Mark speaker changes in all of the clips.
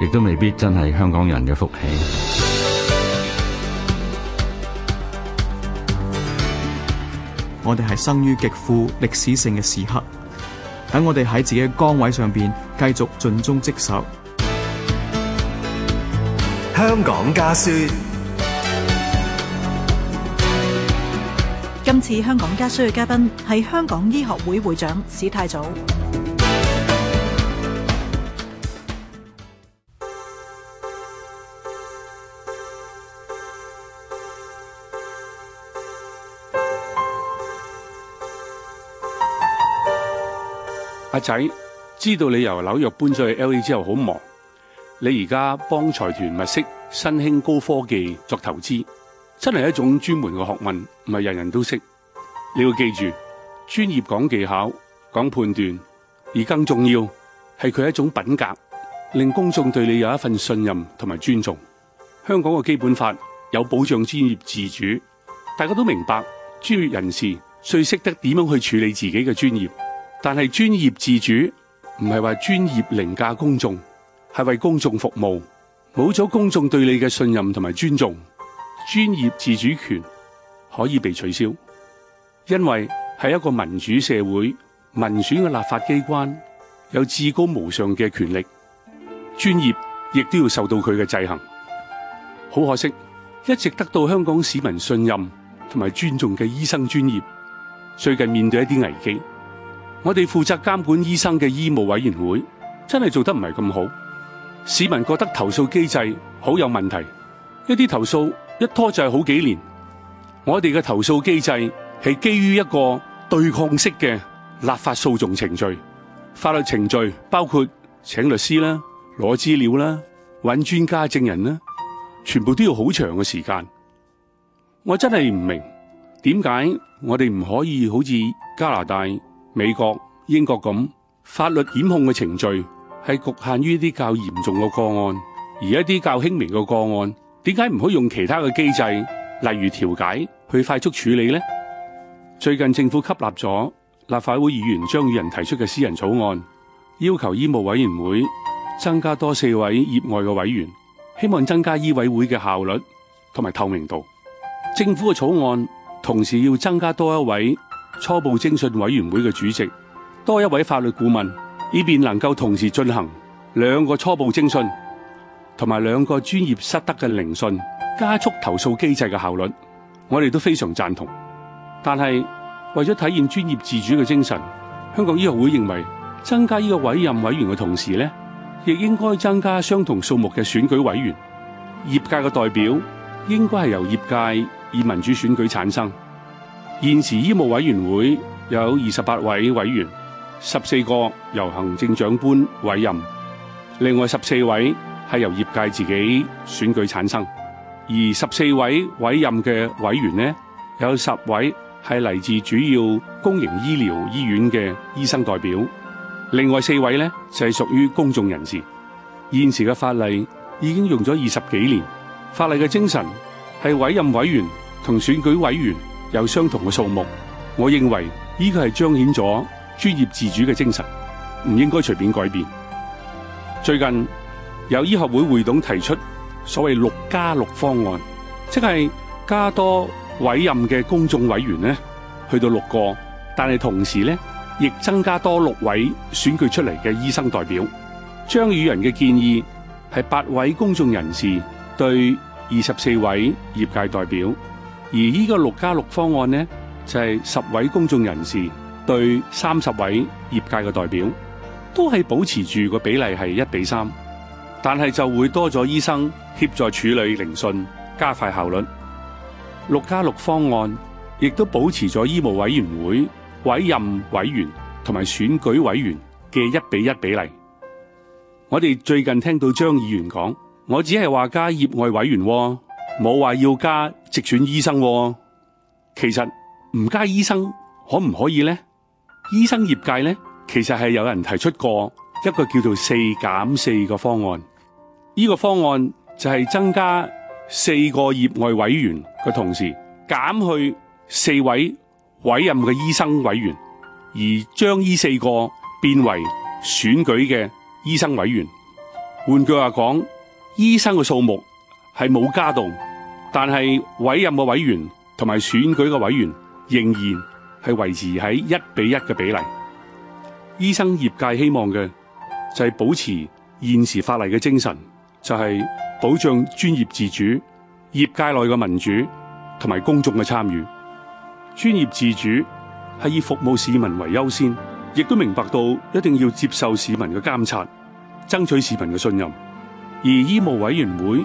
Speaker 1: 亦都未必真係香港人嘅福氣。我哋係生於極富歷史性嘅時刻，等我哋喺自己嘅崗位上邊繼續盡忠職守。香港家書。今次香港家書嘅嘉賓係香港醫學會會長史泰祖。阿仔，知道你由紐約搬咗去 L.A. 之後好忙，你而家幫財團物色新興高科技作投資，真係一種專門嘅學問，唔係人人都識。你要記住，專業講技巧、講判斷，而更重要係佢一種品格，令公眾對你有一份信任同埋尊重。香港嘅基本法有保障專業自主，大家都明白，專業人士最識得點樣去處理自己嘅專業。但係專業自主唔係話專業凌駕公眾，係為公眾服務。冇咗公眾對你嘅信任同埋尊重，專業自主權可以被取消。因為係一個民主社會，民選嘅立法機關有至高無上嘅權力，專業亦都要受到佢嘅制衡。好可惜，一直得到香港市民信任同埋尊重嘅醫生專業，最近面對一啲危機。我哋負責監管醫生嘅醫務委員會真係做得唔係咁好，市民覺得投訴機制好有問題，一啲投訴一拖就係好幾年。我哋嘅投訴機制係基於一個對抗式嘅立法訴訟程序，法律程序包括請律師啦、攞資料啦、揾專家證人啦，全部都要好長嘅時間。我真係唔明點解我哋唔可以好似加拿大、美國、英國咁法律檢控嘅程序係局限於啲較嚴重嘅個案，而一啲較輕微嘅個案，點解唔可以用其他嘅機制，例如調解，去快速處理呢？最近政府吸納咗立法會議員張宇人提出嘅私人草案，要求醫務委員會增加多四位業外嘅委員，希望增加醫委會嘅效率同埋透明度。政府嘅草案同時要增加多一位。初步偵訊委員會嘅主席，多一位法律顧問，以便能夠同時進行兩個初步偵訊同埋兩個專業失德嘅聆訊，加速投訴機制嘅效率。我哋都非常贊同。但係為咗體現專業自主嘅精神，香港醫學會認為增加呢個委任委員嘅同時咧，亦應該增加相同數目嘅選舉委員。業界嘅代表應該係由業界以民主選舉產生。現時醫務委員會有二十八位委員，十四個由行政長官委任，另外十四位係由業界自己選舉產生。而十四位委任嘅委員呢，有十位係嚟自主要公營醫療醫院嘅醫生代表，另外四位呢，就係屬於公眾人士。現時嘅法例已經用咗二十幾年，法例嘅精神係委任委員同選舉委員。有相同嘅數目，我認為呢個係彰顯咗專業自主嘅精神，唔應該隨便改變。最近有醫學會會董提出所謂六加六方案，即係加多委任嘅公眾委員呢，去到六個，但係同時呢，亦增加多六位選舉出嚟嘅醫生代表，張宇人嘅建議係八位公眾人士對二十四位業界代表。而呢個六加六方案呢，就係、是、十位公眾人士對三十位業界嘅代表，都係保持住個比例係一比三，但係就會多咗醫生協助處理聆訊，加快效率。六加六方案亦都保持咗醫務委員會委任委員同埋選舉委員嘅一比一比例。我哋最近聽到張議員講，我只係話加業外委員、哦。冇話要加直選醫生，其實唔加醫生可唔可以呢？醫生業界呢，其實係有人提出過一個叫做四減四個方案。呢個方案就係增加四個業外委員嘅同時，減去四位委任嘅醫生委員，而將呢四個變為選舉嘅醫生委員。換句話講，醫生嘅數目。係冇加到，但係委任嘅委員同埋選舉嘅委員仍然係維持喺一比一嘅比例。醫生業界希望嘅就係保持現時法例嘅精神，就係、是、保障專業自主、業界內嘅民主同埋公眾嘅參與。專業自主係以服務市民為優先，亦都明白到一定要接受市民嘅監察，爭取市民嘅信任。而醫務委員會。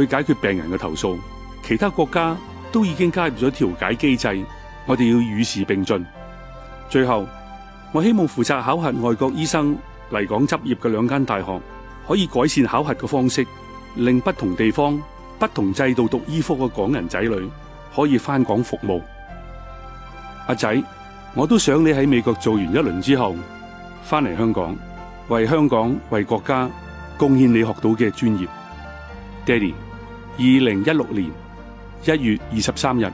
Speaker 1: 去解決病人嘅投訴，其他國家都已經加入咗調解機制，我哋要與時並進。最後，我希望負責考核外國醫生嚟港執業嘅兩間大學可以改善考核嘅方式，令不同地方、不同制度讀醫科嘅港人仔女可以翻港服務。阿仔，我都想你喺美國做完一輪之後，翻嚟香港為香港、為國家貢獻你學到嘅專業，爹哋二零一六年一月二十三日。